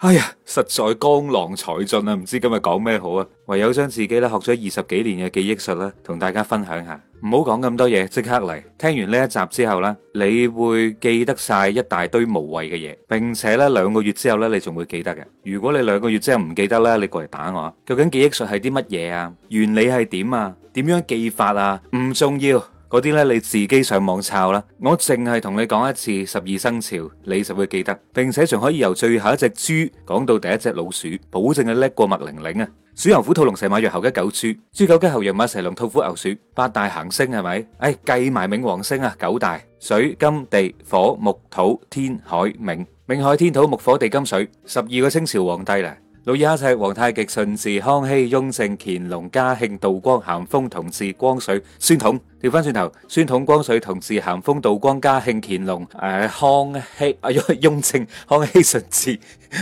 哎呀，實在江郎才盡啊！唔知今日講咩好啊，唯有將自己咧學咗二十幾年嘅記憶術咧，同大家分享下。唔好講咁多嘢，即刻嚟！聽完呢一集之後呢，你會記得晒一大堆無謂嘅嘢，並且呢兩個月之後呢，你仲會記得嘅。如果你兩個月之後唔記得呢，你過嚟打我啊！究竟記憶術係啲乜嘢啊？原理係點啊？點樣記法啊？唔重要。嗰啲咧你自己上網抄啦，我淨係同你講一次十二生肖，你就會記得，並且仲可以由最後一隻豬講到第一隻老鼠，保證係叻過麥玲玲啊。鼠牛虎兔龍蛇馬羊猴雞狗豬豬狗雞猴羊馬蛇龍兔虎牛鼠。八大行星係咪？哎，計埋冥王星啊，九大水金地火木土天海冥冥海天土木火地金水。十二個清朝皇帝啦。努爾哈赤、皇太極、順治、康熙、雍正、乾隆、嘉慶、道光、咸豐、同治、光緒、宣統。調返轉頭，宣統、光緒、同治、咸豐、道光、嘉慶、乾隆、誒、呃、康熙、啊、雍、雍正、康熙、順治、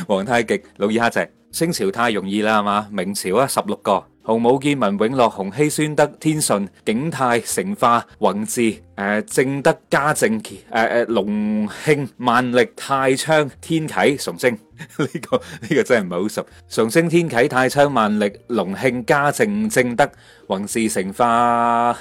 皇太極、努爾哈赤。清朝太容易啦，係咪？明朝啊，十六個。洪武、建文、永樂、洪熙、宣德、天順、景泰、成化、弘治，誒、呃、正德、嘉靖、誒誒、隆慶、萬歷、泰昌、天啟、崇禎呢、 這個呢、這個真係唔係好熟？崇禎、天啟、泰昌、萬歷、隆慶、嘉靖、正德、弘治、成化、誒、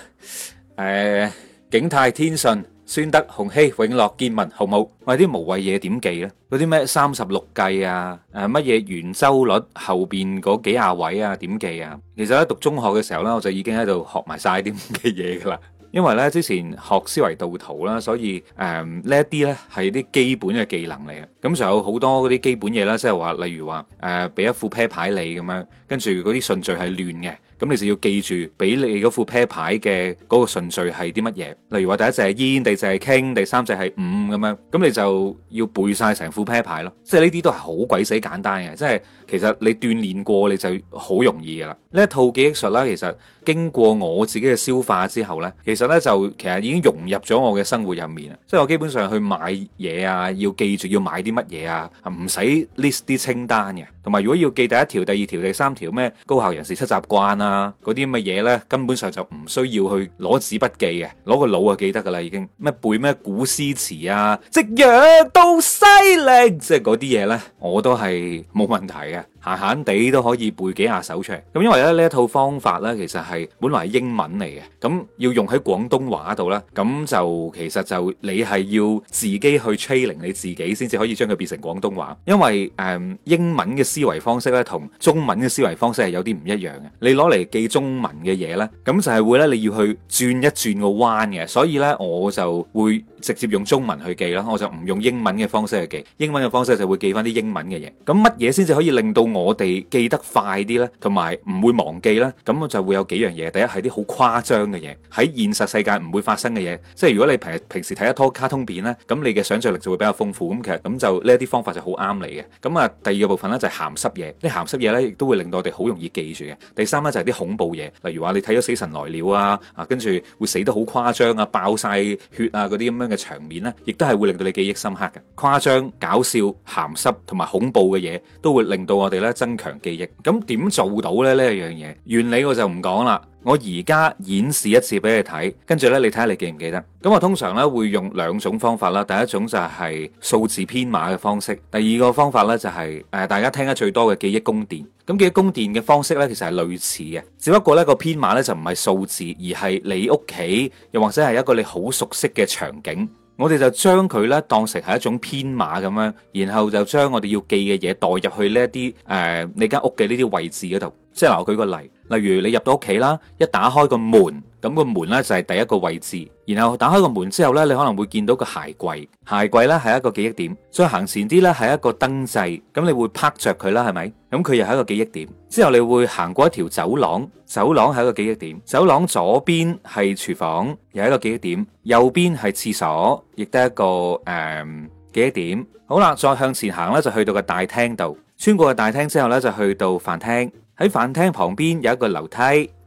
呃、景泰、天順。宣德、洪熙、永樂、建文，好唔好？我啲無謂嘢點記咧？嗰啲咩三十六計啊？誒乜嘢圓周率後邊嗰幾十位啊點記啊？其實喺讀中學嘅時候咧，我就已經喺度學埋晒啲嘅嘢噶啦。因為咧之前學思維導圖啦，所以誒、呃、呢一啲咧係啲基本嘅技能嚟嘅。咁、嗯、仲有好多嗰啲基本嘢啦，即係話例如話誒俾一副啤牌你咁樣，跟住嗰啲順序係亂嘅。咁你就要記住，俾你嗰副 pair 牌嘅嗰個順序係啲乜嘢？例如話第一隻係煙，第二隻係傾，第三隻係五咁樣。咁你就要背晒成副 pair 牌咯。即係呢啲都係好鬼死簡單嘅，即係其實你鍛鍊過，你就好容易噶啦。呢一套記憶術啦，其實經過我自己嘅消化之後呢，其實呢就其實已經融入咗我嘅生活入面啊。即係我基本上去買嘢啊，要記住要買啲乜嘢啊，唔使 list 啲清單嘅。同埋，如果要記第一條、第二條、第三條咩高效人士七習慣啊嗰啲咁嘅嘢咧，根本上就唔需要去攞紙筆記嘅，攞個腦就記得㗎喇已經，咩背咩古詩詞啊，即樣都犀利，即係嗰啲嘢咧，我都係冇問題嘅。閒閒地都可以背幾下手出嚟，咁因為咧呢一套方法呢，其實係本來係英文嚟嘅，咁要用喺廣東話度咧，咁就其實就你係要自己去 training 你自己先至可以將佢變成廣東話，因為誒、嗯、英文嘅思維方式呢，同中文嘅思維方式係有啲唔一樣嘅，你攞嚟記中文嘅嘢呢，咁就係會呢，你要去轉一轉個彎嘅，所以呢，我就會，直接用中文去記啦，我就唔用英文嘅方式去記，英文嘅方式就會記翻啲英文嘅嘢。咁乜嘢先至可以令到我哋記得快啲呢？同埋唔會忘記咧？咁就會有幾樣嘢。第一係啲好誇張嘅嘢，喺現實世界唔會發生嘅嘢。即係如果你平平時睇一拖卡通片呢，咁你嘅想像力就會比較豐富。咁其實咁就呢一啲方法就好啱你嘅。咁啊，第二個部分呢，就係鹹濕嘢，啲鹹濕嘢呢亦都會令到我哋好容易記住嘅。第三呢，就係啲恐怖嘢，例如話你睇咗《死神來了》啊，啊跟住會死得好誇張啊，爆晒血啊嗰啲咁樣。嘅場面咧，亦都係會令到你記憶深刻嘅。誇張、搞笑、鹹濕同埋恐怖嘅嘢，都會令到我哋咧增強記憶。咁點做到咧呢一樣嘢？原理我就唔講啦。我而家演示一次俾你睇，跟住呢，你睇下你記唔記得？咁我通常呢，會用兩種方法啦，第一種就係數字編碼嘅方式，第二個方法呢，就係、是、誒大家聽得最多嘅記憶宮殿。咁記憶宮殿嘅方式呢，其實係類似嘅，只不過呢、個編碼呢，就唔係數字，而係你屋企又或者係一個你好熟悉嘅場景。我哋就將佢呢，當成係一種編碼咁樣，然後就將我哋要記嘅嘢代入去呢一啲誒、呃、你間屋嘅呢啲位置嗰度。即係嗱，我舉個例，例如你入到屋企啦，一打開個門，咁個門呢就係第一個位置。然後打開個門之後呢，你可能會見到個鞋櫃，鞋櫃呢係一個記憶點。再行前啲呢係一個燈掣，咁你會拍着佢啦，係咪？咁佢又係一個記憶點。之後你會行過一條走廊，走廊係一個記憶點。走廊左邊係廚房，又係一個記憶點；右邊係廁所，亦都係一個誒、呃、記憶點。好啦，再向前行呢，就去到個大廳度，穿過個大廳之後呢，就去到飯廳。喺飯廳旁邊有一個樓梯，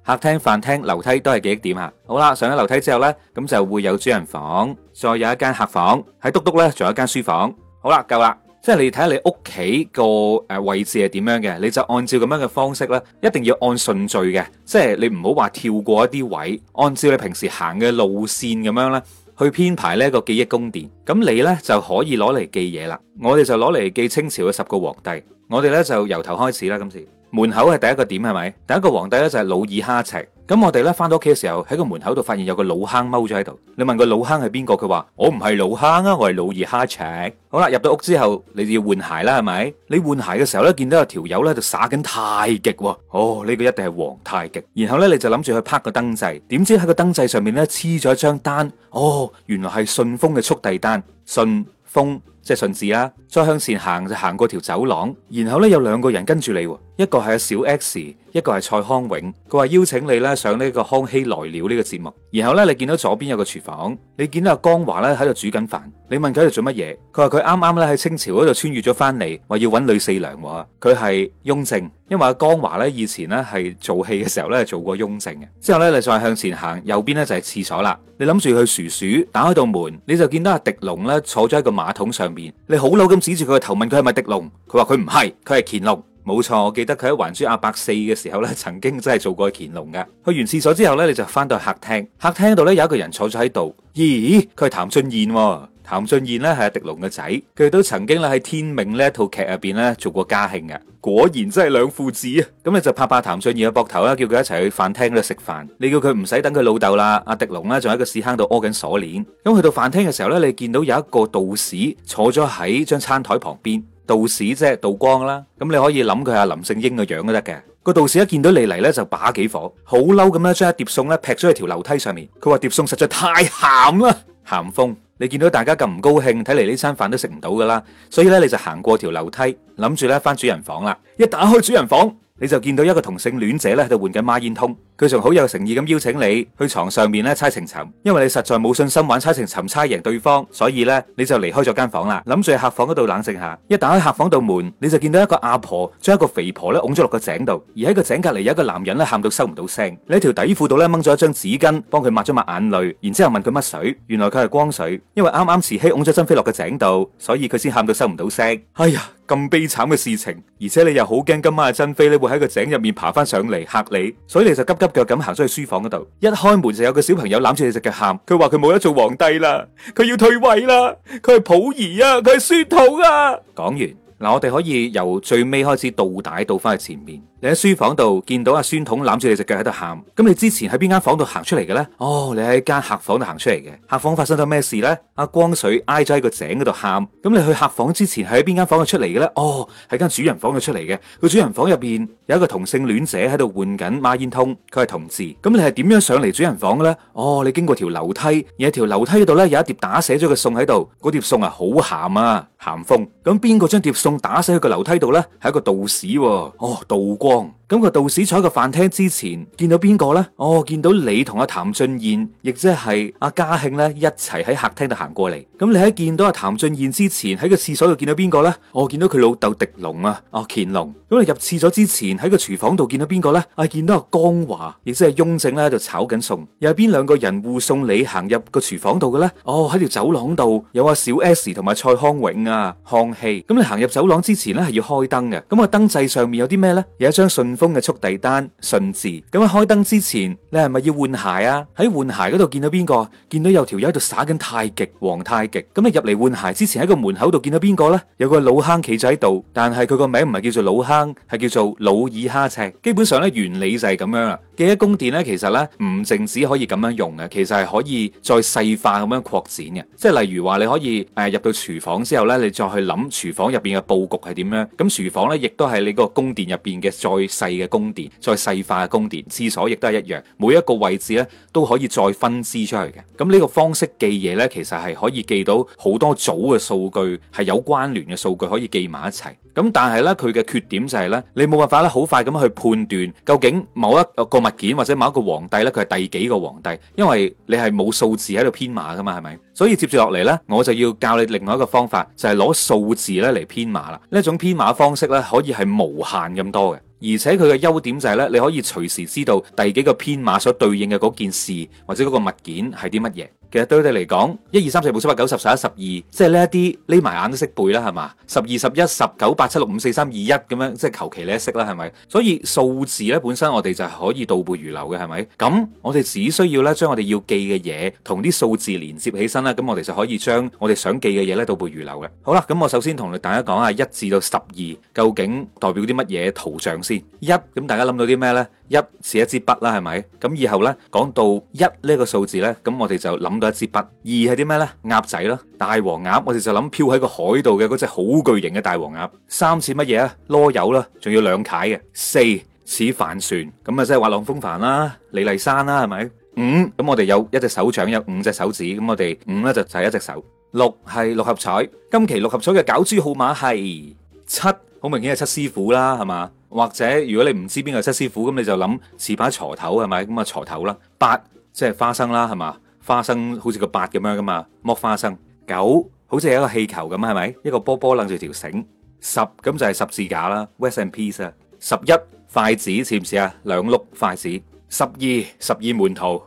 客廳、飯廳、樓梯都係記憶點啊。好啦，上咗樓梯之後呢，咁就會有主人房，再有一間客房。喺督督呢，仲有一間書房。好啦，夠啦，即係你睇下你屋企個誒位置係點樣嘅，你就按照咁樣嘅方式咧，一定要按順序嘅，即係你唔好話跳過一啲位，按照你平時行嘅路綫咁樣呢，去編排呢個記憶宮殿。咁你呢，就可以攞嚟記嘢啦。我哋就攞嚟記清朝嘅十個皇帝，我哋呢，就由頭開始啦。今次。門口係第一個點，係咪？第一個皇帝咧就係努爾哈赤。咁我哋咧翻到屋企嘅時候喺個門口度發現有個老坑踎咗喺度。你問個老坑係邊個？佢話 我唔係老坑啊，我係努爾哈赤。好啦，入到屋之後，你就要換鞋啦，係咪？你換鞋嘅時候咧，見到有條友咧就耍緊太極喎。哦，呢、這個一定係皇太極。然後咧，你就諗住去拍個燈掣，點知喺個燈掣上面咧黐咗一張單。哦，原來係順豐嘅速遞單。順豐，即係順治啦。再向前行就行過條走廊，然後咧有兩個人跟住你。一個係小 X，一個係蔡康永。佢話邀請你咧上呢個康熙來了呢個節目，然後呢，你見到左邊有個廚房，你見到阿江華咧喺度煮緊飯。你問佢喺度做乜嘢？佢話佢啱啱咧喺清朝嗰度穿越咗翻嚟，話要揾呂四娘。話佢係雍正，因為阿江華呢以前呢係做戲嘅時候咧做過雍正嘅。之後呢，你再向前行，右邊呢就係、是、廁所啦。你諗住去鼠鼠打開道門，你就見到阿狄龍呢坐咗喺個馬桶上面。你好嬲咁指住佢個頭問佢係咪狄龍？佢話佢唔係，佢係乾隆。冇錯，我記得佢喺還珠阿伯四嘅時候咧，曾經真係做過乾隆㗎。去完廁所之後呢，你就翻到客廳，客廳度呢，有一個人坐咗喺度。咦，佢係譚俊彥，譚俊彥呢，係阿狄龍嘅仔，佢都曾經咧喺《天命》呢一套劇入邊呢，做過嘉慶嘅。果然真係兩父子啊！咁你就拍拍譚俊彥嘅膊頭啦，叫佢一齊去飯廳度食飯。你叫佢唔使等佢老豆啦，阿狄龍呢，仲喺個屎坑度屙緊鎖鏈。咁去到飯廳嘅時候呢，你見到有一個道士坐咗喺張餐台旁邊。道士即係，道光啦，咁你可以諗佢係林正英嘅樣都得嘅。那個道士一見到你嚟呢，就把幾火，好嬲咁樣，將一碟餸呢劈咗去條樓梯上面。佢話碟餸實在太鹹啦，鹹風。你見到大家咁唔高興，睇嚟，呢餐飯都食唔到噶啦。所以呢，你就行過條樓梯，諗住呢翻主人房啦。一打開主人房，你就見到一個同性戀者呢喺度換緊孖煙通。佢仲好有誠意咁邀請你去床上面咧猜情尋，因為你實在冇信心玩猜情尋猜，猜贏對方，所以咧你就離開咗間房啦，諗住喺客房嗰度冷靜下。一打開客房度門，你就見到一個阿婆將一個肥婆咧拱咗落個井度，而喺個井隔離有一個男人咧喊到收唔到聲，你條底褲度咧掹咗一張紙巾幫佢抹咗抹眼淚，然之後問佢乜水，原來佢係光水，因為啱啱慈禧拱咗珍妃落個井度，所以佢先喊到收唔到聲。哎呀，咁悲慘嘅事情，而且你又好驚今晚阿珍妃咧會喺個井入面爬翻上嚟嚇你，所以你就急急。急腳咁行出去書房嗰度，一開門就有個小朋友攬住你隻腳喊，佢話佢冇得做皇帝啦，佢要退位啦，佢係溥儀啊，佢係宣統啊。講完嗱，我哋可以由最尾開始倒帶，倒翻去前面。你喺書房度見到阿孫桶攬住你隻腳喺度喊，咁你之前喺邊間房度行出嚟嘅呢？哦，你喺間客房度行出嚟嘅，客房發生咗咩事呢？阿光水挨咗喺個井嗰度喊，咁你去客房之前喺邊間房度出嚟嘅呢？哦，喺間主人房度出嚟嘅，個主人房入邊有一個同性戀者喺度換緊孖煙通。佢係同志，咁你係點樣上嚟主人房嘅呢？哦，你經過條樓梯，而喺條樓梯嗰度呢，有一碟打死咗嘅餸喺度，嗰碟餸啊好鹹啊鹹風，咁邊個將碟餸打死喺個樓梯度呢？係一個道士喎、啊，哦道。光，咁個道士坐喺個飯廳之前見到邊個呢？哦，見到你同阿譚俊彥，亦即係阿嘉慶呢，一齊喺客廳度行過嚟。咁、嗯、你喺見到阿譚俊彥之前喺個廁所度見到邊個呢？我、哦、見到佢老豆狄龍啊，哦乾隆。咁、嗯、你入廁所之前喺個廚房度見到邊個呢？啊，見到阿、啊、江華，亦即係雍正咧，度炒緊餸。又係邊兩個人護送你行入個廚房度嘅呢？哦，喺條走廊度有阿、啊、小 S 同埋蔡康永啊，康熙。咁、嗯、你行入走廊之前呢，係要開燈嘅。咁個燈掣上面有啲咩呢？將信封嘅速遞單信字咁。喺開燈之前，你係咪要換鞋啊？喺換鞋嗰度見到邊個？見到有條友喺度耍緊太極，皇太極咁？你入嚟換鞋之前喺個門口度見到邊個呢？有個老坑企咗喺度，但係佢個名唔係叫做老坑，係叫做努爾哈赤。基本上咧，原理就係咁樣啦。記憶宮殿咧，其實咧唔淨止可以咁樣用嘅，其實係可以再細化咁樣擴展嘅。即係例如話，你可以誒、呃、入到廚房之後咧，你再去諗廚房入邊嘅布局係點樣。咁廚房咧，亦都係你個宮殿入邊嘅。再細嘅宮殿，再細化嘅宮殿，廁所亦都係一樣，每一個位置呢都可以再分支出去嘅。咁呢個方式記嘢呢，其實係可以記到好多組嘅數據，係有關聯嘅數據可以記埋一齊。咁但係呢，佢嘅缺點就係呢：你冇辦法咧好快咁去判斷究竟某一個物件或者某一個皇帝呢，佢係第幾個皇帝，因為你係冇數字喺度編碼噶嘛，係咪？所以接住落嚟呢，我就要教你另外一個方法，就係攞數字呢嚟編碼啦。呢一種編碼方式呢，可以係無限咁多嘅，而且佢嘅優點就係呢：你可以隨時知道第幾個編碼所對應嘅嗰件事或者嗰個物件係啲乜嘢。其實對你哋嚟講，一二三四五、七八九十十一十二，即係呢一啲，匿埋眼都識背啦，係嘛？十二十一十九八七六五四三二一咁樣，即係求其呢一識啦，係咪？所以數字咧本身我哋就可以倒背如流嘅，係咪？咁我哋只需要咧將我哋要記嘅嘢同啲數字連接起身啦，咁我哋就可以將我哋想記嘅嘢咧倒背如流嘅。好啦，咁我首先同大家講下一至到十二究竟代表啲乜嘢圖像先。一，咁大家諗到啲咩呢？一，是一支筆啦，係咪？咁以後呢，講到一呢個數字呢，咁我哋就諗到。一支筆，二係啲咩咧？鴨仔啦，大黃鴨，我哋就諗漂喺個海度嘅嗰隻好巨型嘅大黃鴨。三似乜嘢啊？籮柚啦，仲要兩蟹嘅。四似帆船，咁啊，即係滑浪風帆啦，李麗珊啦，係咪？五咁我哋有一隻手掌，有五隻手指，咁我哋五咧就就是、係一隻手。六係六合彩，今期六合彩嘅攪珠號碼係七，好明顯係七師傅啦，係嘛？或者如果你唔知邊個係七師傅，咁你就諗似把鋤頭，係咪咁啊？鋤頭啦。八即係、就是、花生啦，係嘛？花生好似個八咁樣噶嘛，剝花生。九好似係一個氣球咁啊，係咪？一個波波拎住條繩。十咁就係十字架啦，West and Peace 啊。十一筷子似唔似啊？兩碌筷子。十二十二門徒。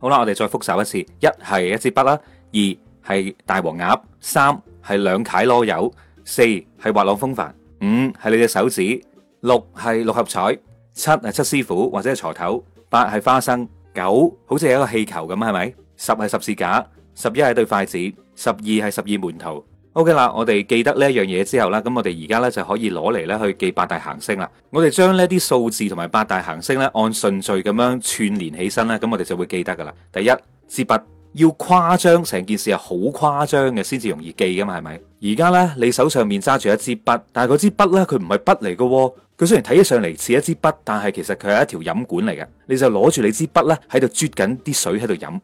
好啦，我哋再復習一次：一係一支筆啦，二係大黃鴨，三係兩塊囉柚，四係滑浪風帆，五係你隻手指，六係六合彩，七係七師傅或者係鋤頭，八係花生，九好似係一個氣球咁啊，係咪？十係十字架，十一係對筷子，十二係十二門徒。O.K. 啦，我哋記得呢一樣嘢之後啦，咁我哋而家呢就可以攞嚟，呢去記八大行星啦。我哋將呢啲數字同埋八大行星呢按順序咁樣串連起身啦，咁我哋就會記得噶啦。第一支筆要誇張，成件事係好誇張嘅，先至容易記噶嘛？係咪？而家呢，你手上面揸住一支筆，但係嗰支筆呢，佢唔係筆嚟噶，佢雖然睇起上嚟似一支筆，但係其實佢係一條飲管嚟嘅。你就攞住你支筆呢，喺度啜緊啲水喺度飲。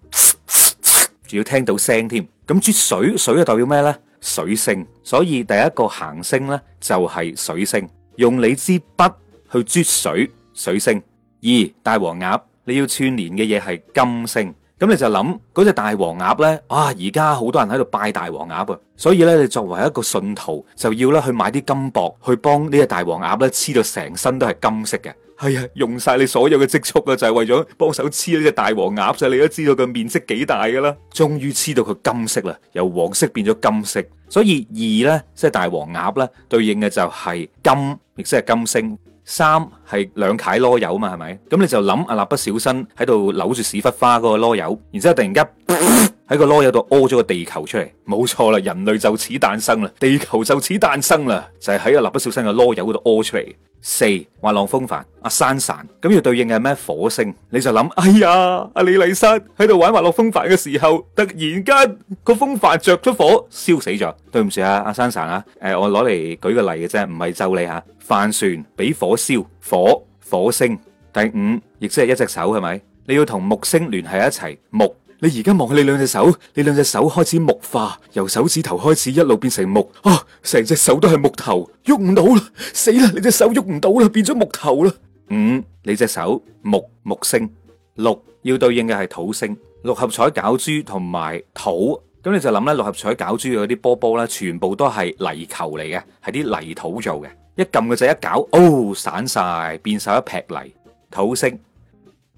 仲要聽到聲添，咁啜水，水就代表咩呢？「水星，所以第一個行星呢，就係、是、水星。用你支筆去啜水，水星。二、大黃鴨，你要串連嘅嘢係金星，咁你就諗嗰隻大黃鴨呢？啊而家好多人喺度拜大黃鴨喎，所以呢，你作為一個信徒就要咧去買啲金箔去幫呢隻大黃鴨呢黐到成身都係金色嘅。係啊、哎，用晒你所有嘅積蓄啊，就係、是、為咗幫手黐呢隻大黃鴨啫，就是、你都知道佢面積幾大㗎啦。終於黐到佢金色啦，由黃色變咗金色，所以二呢，即、就、係、是、大黃鴨咧，對應嘅就係金，亦即係金星。三係兩楷螺友嘛，係咪？咁你就諗阿蠟筆小新喺度扭住屎忽花嗰個螺友，然之後突然間。 喺個籮柚度屙咗個地球出嚟，冇錯啦，人類就此誕生啦，地球就此誕生啦，就係喺個蠟筆小新嘅籮柚嗰度屙出嚟。四，滑浪風帆，阿珊珊咁要對應嘅係咩？火星，你就諗，哎呀，阿李麗珊喺度玩滑浪風帆嘅時候，突然間個風帆着咗火燒死咗，對唔住啊，阿珊珊啊，誒、呃，我攞嚟舉個例嘅啫，唔係咒你吓、啊。帆船俾火燒，火火星。第五，亦即係一隻手係咪？你要同木星聯繫一齊木。你而家望下你兩隻手，你兩隻手開始木化，由手指頭開始一路變成木，啊，成隻手都係木頭，喐唔到啦，死啦！你隻手喐唔到啦，變咗木頭啦。五，你隻手木木星，六要對應嘅係土星，六合彩攪珠同埋土，咁你就諗咧，六合彩攪珠嘅嗰啲波波咧，全部都係泥球嚟嘅，係啲泥土做嘅，一撳個掣一攪，哦，散晒變晒一撇泥，土星。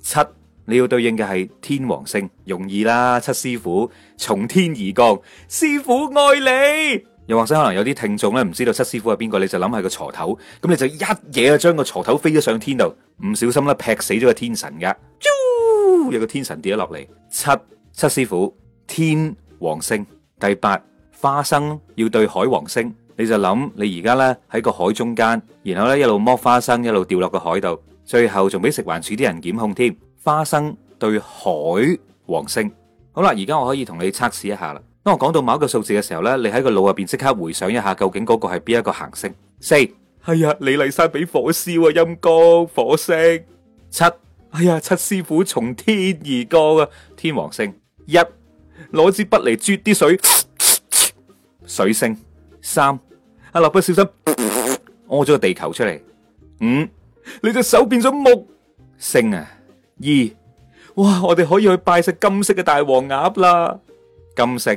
七。你要對應嘅係天王星，容易啦。七師傅從天而降，師傅愛你。又或者可能有啲聽眾咧唔知道七師傅係邊個，你就諗係個鋤頭，咁你就一嘢就將個鋤頭飛咗上天度，唔小心咧劈死咗個天神噶有個天神跌咗落嚟。七七師傅天王星。第八花生要對海王星，你就諗你而家咧喺個海中間，然後咧一路剝花生，一路掉落個海度，最後仲俾食環署啲人檢控添。花生對海王星，好啦，而家我可以同你測試一下啦。當我講到某一個數字嘅時候咧，你喺個腦入邊即刻回想一下，究竟嗰個係邊一個行星？四，哎呀，李麗珊俾火燒啊，陰光火星。七，哎呀，七師傅從天而過啊，天王星。一，攞支筆嚟啜啲水，水星。三，啊，阿立不小心屙咗個地球出嚟。五，你隻手變咗木星啊！二，哇！我哋可以去拜食金色嘅大黃鴨啦。金色。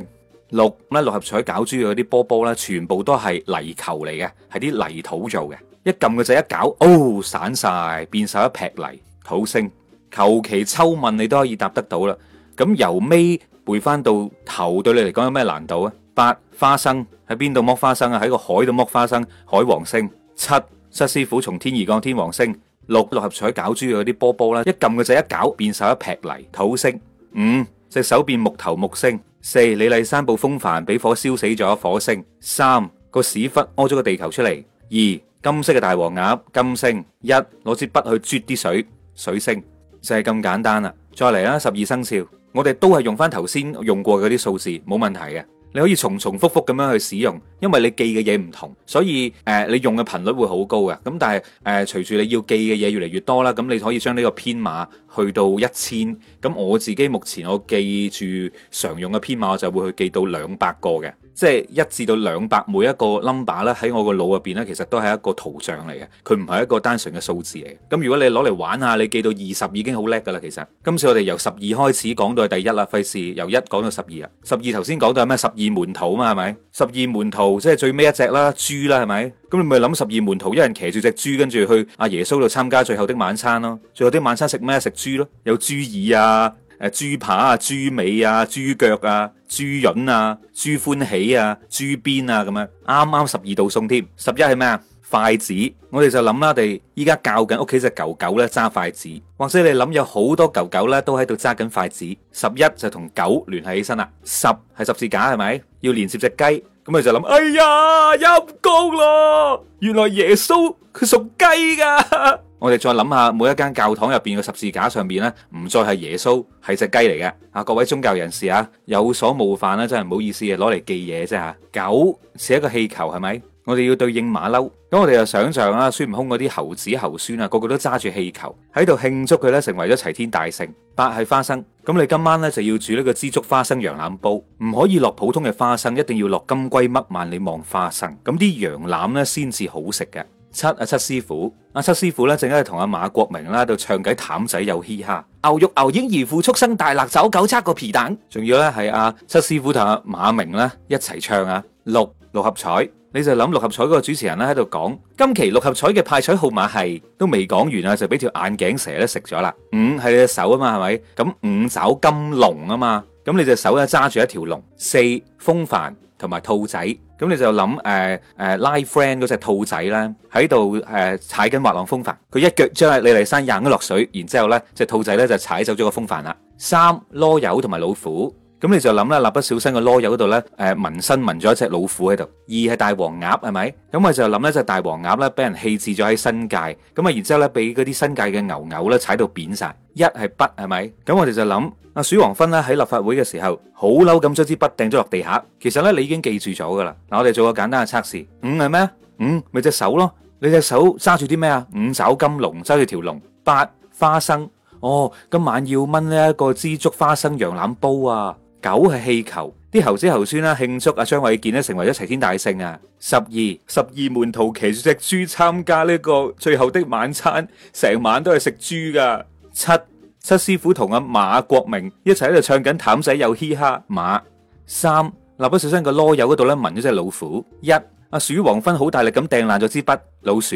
六咧，六合彩攪珠嘅啲波波咧，全部都係泥球嚟嘅，係啲泥土做嘅。一撳個仔一搞，哦，散晒變晒一劈泥。土星。求其抽問你都可以答得到啦。咁由尾背翻到頭，對你嚟講有咩難度啊？八花生喺邊度剝花生啊？喺個海度剝花生，海王星。七失師傅從天而降，天王星。六六合彩搞珠嘅嗰啲波波啦，一撳個就一搞，變晒一劈泥。土星。五，隻、就是、手變木頭，木星。四，李麗珊部風帆俾火燒死咗，火星。三個屎忽屙咗個地球出嚟，二，金色嘅大黃鴨，金星。一攞支筆去啜啲水，水星。就係、是、咁簡單啦，再嚟啦，十二生肖，我哋都係用翻頭先用過嗰啲數字，冇問題嘅。你可以重重複複咁樣去使用，因為你記嘅嘢唔同，所以誒、呃、你用嘅頻率會好高嘅。咁但係誒、呃、隨住你要記嘅嘢越嚟越多啦，咁你可以將呢個編碼去到一千。咁我自己目前我記住常用嘅編碼，我就會去記到兩百個嘅。即係一至到兩百，每一個 number 咧，喺我個腦入邊咧，其實都係一個圖像嚟嘅，佢唔係一個單純嘅數字嚟。咁如果你攞嚟玩下，你記到二十已經好叻噶啦。其實，今次我哋由十二開始講到第一啦，費事由一講到十二啦。十二頭先講到係咩？十二門徒啊嘛，係咪？十二門徒即係最尾一隻啦，豬啦，係咪？咁你咪諗十二門徒一人騎住隻豬，跟住去阿、啊、耶穌度參加最後的晚餐咯。最後的晚餐食咩？食豬咯，有豬耳啊。誒豬扒啊、豬尾啊、豬腳啊、豬潤啊、豬歡喜啊、豬鞭啊咁樣，啱啱十二道餸。添，十一係咩啊？筷子，我哋就諗啦，我哋依家教緊屋企隻狗狗咧揸筷子，或者你諗有好多狗狗咧都喺度揸緊筷子。十一就同九聯繫起身啦，十係十字架係咪？要連接隻雞，咁佢就諗：哎呀，陰公咯！原來耶穌佢屬雞噶。 我哋再諗下，每一間教堂入邊嘅十字架上面咧，唔再係耶穌，係隻雞嚟嘅。啊，各位宗教人士啊，有所冒犯啦，真係唔好意思，攞嚟記嘢啫吓。九是一個氣球係咪？是我哋要對應馬騮，咁我哋就想象啦，孫悟空嗰啲猴子猴孫啊，個個都揸住氣球喺度慶祝佢咧成為咗齊天大聖。八係花生，咁你今晚咧就要煮呢個枝竹花生羊腩煲，唔可以落普通嘅花生，一定要落金龜乜萬里望花生，咁啲羊腩咧先至好食嘅。七啊，七師傅，阿七師傅咧正喺度同阿馬國明啦度唱緊譚仔有嘻哈，牛肉牛耳二副畜生大辣走九七個皮蛋，仲要咧係阿七師傅同阿馬明啦一齊唱啊。六六合彩。你就諗六合彩嗰個主持人咧喺度講，今期六合彩嘅派彩號碼係都未講完啊，就俾條眼鏡蛇咧食咗啦。五係你隻手啊嘛，係咪？咁五爪金龍啊嘛，咁你隻手咧揸住一條龍。四風帆同埋兔仔，咁你就諗誒誒，Line Friends 嗰隻兔仔咧喺度誒踩緊滑浪風帆，佢一腳將李麗珊掹咗落水，然之後咧隻兔仔咧就踩走咗個風帆啦。三囉柚同埋老虎。咁你就諗啦，蠟筆小新嘅籮柚度咧，誒紋身紋咗一隻老虎喺度。二係大黃鴨係咪？咁啊就諗咧，隻大黃鴨咧俾人棄置咗喺新界。咁啊，然之後咧俾嗰啲新界嘅牛牛咧踩到扁曬。一係筆係咪？咁我哋就諗阿鼠黃芬啦，喺立法會嘅時候好嬲咁將支筆掟咗落地下。其實咧你已經記住咗㗎啦。嗱，我哋做個簡單嘅測試，五係咩？五咪隻手咯，你隻手揸住啲咩啊？五爪金龍揸住條龍。八，花生，哦，今晚要燜呢一個枝竹花生羊腩煲啊！九係氣球，啲猴子猴孫啦慶祝阿張衛健咧、啊、成為咗齊天大聖啊！十二十二門徒騎住隻豬參加呢個最後的晚餐，成晚都係食豬噶。七七師傅同阿、啊、馬國明一齊喺度唱緊《譚仔有嘻哈》馬三，立咗手伸個囉柚嗰度咧聞咗隻老虎。一，阿、啊、鼠王芬好大力咁掟爛咗支筆。老鼠，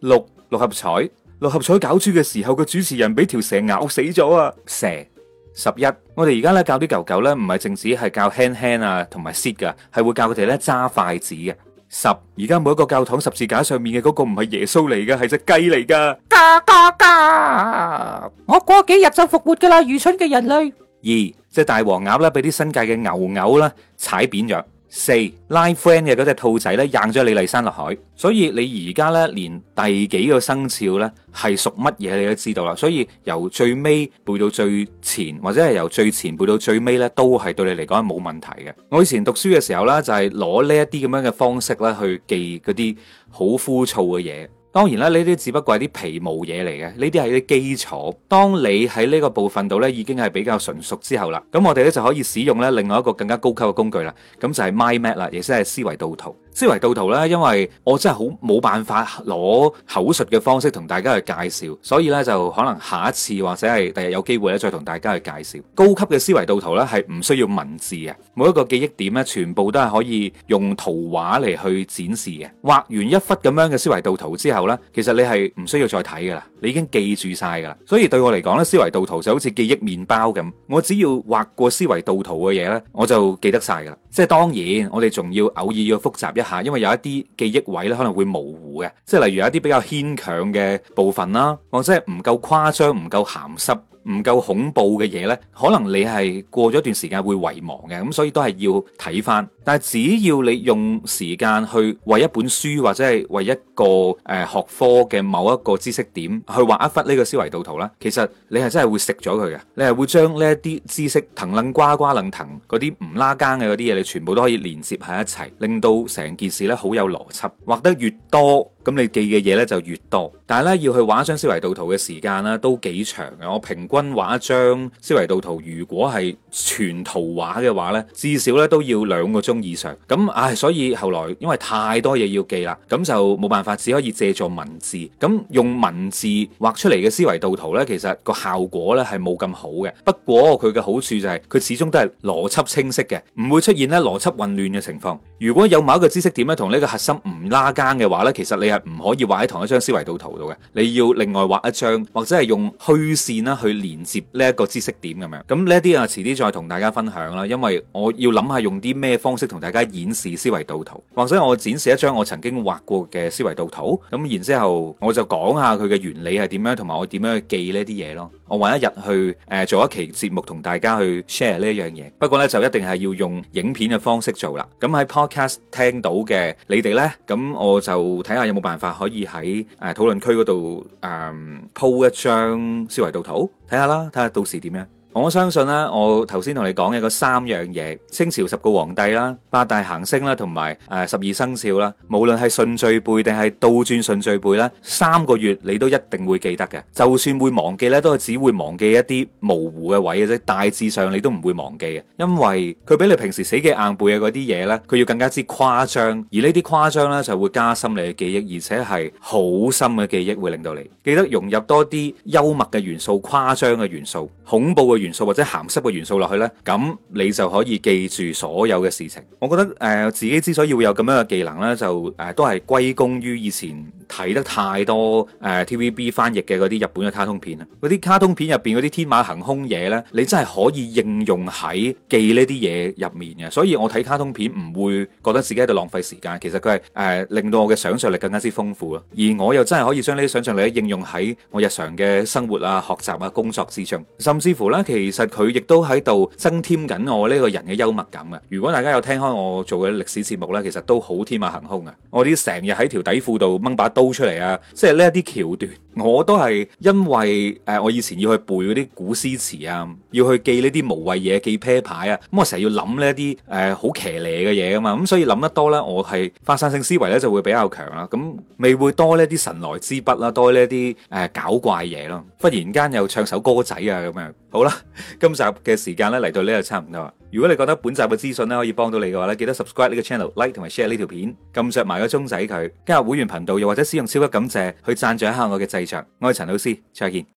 六六合彩六合彩攪珠嘅時候個主持人俾條蛇咬死咗啊，蛇。十一，我哋而家咧教啲狗狗咧，唔係淨止係教 hand hand 啊，同埋 sit 噶，係會教佢哋咧揸筷子嘅。十，而家每一個教堂十字架上面嘅嗰個唔係耶穌嚟噶，係隻雞嚟噶。嘎嘎嘎！我過幾日就復活噶啦，愚蠢嘅人類。二，隻大黃鴨咧，俾啲新界嘅牛牛啦踩扁咗。四，Line Friend 嘅嗰隻兔仔咧，扔咗李麗珊落海，所以你而家咧連第幾個生肖咧係屬乜嘢你都知道啦。所以由最尾背到最前，或者係由最前背到最尾咧，都係對你嚟講係冇問題嘅。我以前讀書嘅時候咧，就係攞呢一啲咁樣嘅方式咧去記嗰啲好枯燥嘅嘢。當然啦，呢啲只不過係啲皮毛嘢嚟嘅，呢啲係啲基礎。當你喺呢個部分度咧已經係比較純熟之後啦，咁我哋咧就可以使用咧另外一個更加高級嘅工具啦，咁就係 Mind Map 啦，亦即係思維導圖。思維導圖咧，因為我真係好冇辦法攞口述嘅方式同大家去介紹，所以咧就可能下一次或者係第日有機會咧，再同大家去介紹高級嘅思維導圖咧，係唔需要文字嘅。每一個記憶點咧，全部都係可以用圖畫嚟去展示嘅。畫完一幅咁樣嘅思維導圖之後咧，其實你係唔需要再睇噶啦，你已經記住晒噶啦。所以對我嚟講咧，思維導圖就好似記憶麵包咁，我只要畫過思維導圖嘅嘢咧，我就記得晒噶啦。即係當然，我哋仲要偶爾要複習一。因為有一啲記憶位咧，可能會模糊嘅，即係例如有一啲比較牽強嘅部分啦，或者係唔夠誇張，唔夠鹹濕。唔夠恐怖嘅嘢呢，可能你係過咗段時間會遺忘嘅，咁、嗯、所以都係要睇翻。但係只要你用時間去為一本書或者係為一個誒、呃、學科嘅某一個知識點去畫一忽呢個思維導圖啦，其實你係真係會食咗佢嘅，你係會將呢一啲知識騰楞瓜瓜楞騰嗰啲唔拉更嘅嗰啲嘢，你全部都可以連接喺一齊，令到成件事呢好有邏輯。畫得越多，咁你記嘅嘢呢就越多。但係呢，要去畫一張思維導圖嘅時間呢都幾長嘅。我平均，溫畫一張思維導圖，如果係全圖畫嘅話呢，至少咧都要兩個鐘以上。咁唉、哎，所以後來因為太多嘢要記啦，咁就冇辦法，只可以借助文字。咁用文字畫出嚟嘅思維導圖呢，其實個效果呢係冇咁好嘅。不過佢嘅好處就係、是、佢始終都係邏輯清晰嘅，唔會出現咧邏輯混亂嘅情況。如果有某一個知識點咧，同呢個核心唔拉更嘅話呢，其實你係唔可以畫喺同一張思維導圖度嘅。你要另外畫一張，或者係用虛線啦去連接呢一個知識點咁樣，咁呢啲啊，遲啲再同大家分享啦。因為我要諗下用啲咩方式同大家演示思維導圖，或者我展示一張我曾經畫過嘅思維導圖，咁然之後我就講下佢嘅原理係點樣，同埋我點樣去記呢啲嘢咯。我搵一日去誒、呃、做一期節目同大家去 share 呢樣嘢，不過呢，就一定係要用影片嘅方式做啦。咁喺 podcast 聽到嘅你哋呢，咁我就睇下有冇辦法可以喺誒討論區嗰度誒鋪一張思維導圖。睇下啦，睇下到時點樣。我相信咧、啊，我頭先同你講嘅嗰三樣嘢，清朝十個皇帝啦，八大行星啦，同埋誒十二生肖啦，無論係順序背定係倒轉順序背咧，三個月你都一定會記得嘅。就算會忘記咧，都係只會忘記一啲模糊嘅位嘅啫，大致上你都唔會忘記嘅。因為佢比你平時死記硬背嘅嗰啲嘢咧，佢要更加之誇張，而呢啲誇張咧就會加深你嘅記憶，而且係好深嘅記憶會令到你記得融入多啲幽默嘅元素、誇張嘅元素、恐怖嘅元素。元素或者鹹濕嘅元素落去呢，咁你就可以記住所有嘅事情。我覺得誒、呃、自己之所以會有咁樣嘅技能呢，就誒、呃、都係歸功於以前睇得太多誒、呃、TVB 翻譯嘅嗰啲日本嘅卡通片啊。嗰啲卡通片入邊嗰啲天馬行空嘢呢，你真係可以應用喺記呢啲嘢入面嘅。所以我睇卡通片唔會覺得自己喺度浪費時間，其實佢係誒令到我嘅想像力更加之豐富咯。而我又真係可以將呢啲想像力應用喺我日常嘅生活啊、學習啊、工作之上，甚至乎呢。其實佢亦都喺度增添緊我呢個人嘅幽默感啊。如果大家有聽開我做嘅歷史節目呢，其實都好天馬行空啊。我哋成日喺條底褲度掹把刀出嚟啊，即係呢啲橋段。我都係因為誒、呃，我以前要去背嗰啲古詩詞啊，要去記呢啲無謂嘢記啤牌啊，咁、嗯、我成日要諗呢一啲誒好騎呢嘅嘢噶嘛，咁、嗯、所以諗得多咧，我係發散性思維咧就會比較強啦、啊，咁、嗯、未會多呢一啲神來之筆啦，多呢一啲誒、呃、搞怪嘢咯，忽然間又唱首歌仔啊咁樣。好啦，今集嘅時間咧嚟到呢度差唔多。如果你覺得本集嘅資訊咧可以幫到你嘅話咧，記得 subscribe 呢個 channel、like 同埋 share 呢條片，撳着埋個鐘仔佢，加入會員頻道，又或者使用超級感謝去贊助一下我嘅製作。我係陳老師，再見。